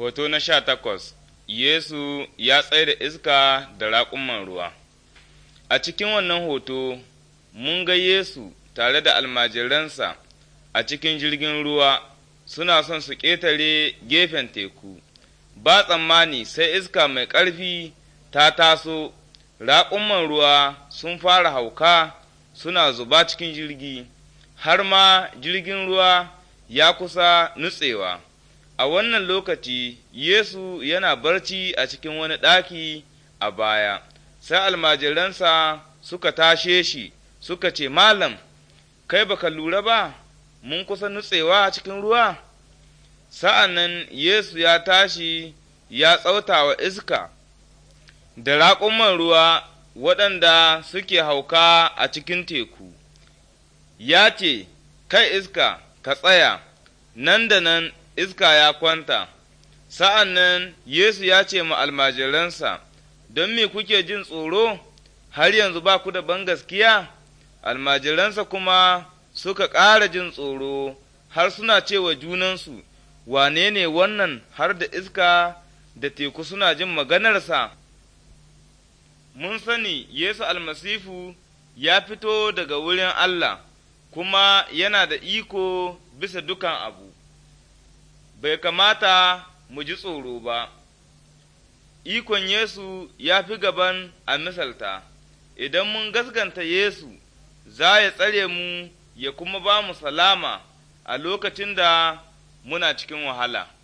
Hoto na sha takwas Yesu ya tsaye da iska da raƙuman ruwa A cikin wannan hoto, mun ga Yesu tare da almajiransa a cikin jirgin ruwa suna son su ƙetare gefen teku, ba tsammani sai iska mai ƙarfi ta taso, raƙuman ruwa sun fara hauka suna zuba cikin jirgi, har ma jirgin ruwa ya kusa nutsewa. a wannan lokaci Yesu yana barci a cikin wani ɗaki a baya, sai almajiransa suka tashe shi suka ce, Malam, kai baka lura ba, mun kusa nutsewa a cikin ruwa? Sa'an nan Yesu ya tashi ya tsautawa iska, da raƙuman ruwa waɗanda suke hauka a cikin teku, ya ce, Kai iska, ka tsaya, nan da nan iska ya kwanta, sa'an nan Yesu ya ce ma almajiransa, Don me kuke jin tsoro, har yanzu ba ku da ban gaskiya? Almajiransa kuma suka ƙara jin tsoro, har suna cewa junansu, Wane ne wannan har da iska da teku suna jin maganarsa? Mun sani Yesu almasifu ya fito daga wurin Allah, kuma yana da iko bisa dukan abu. bai kamata mu ji tsoro ba, ikon Yesu ya fi gaban a misalta, idan mun gaskanta Yesu za ya tsare mu ya kuma ba mu salama a lokacin da muna cikin wahala.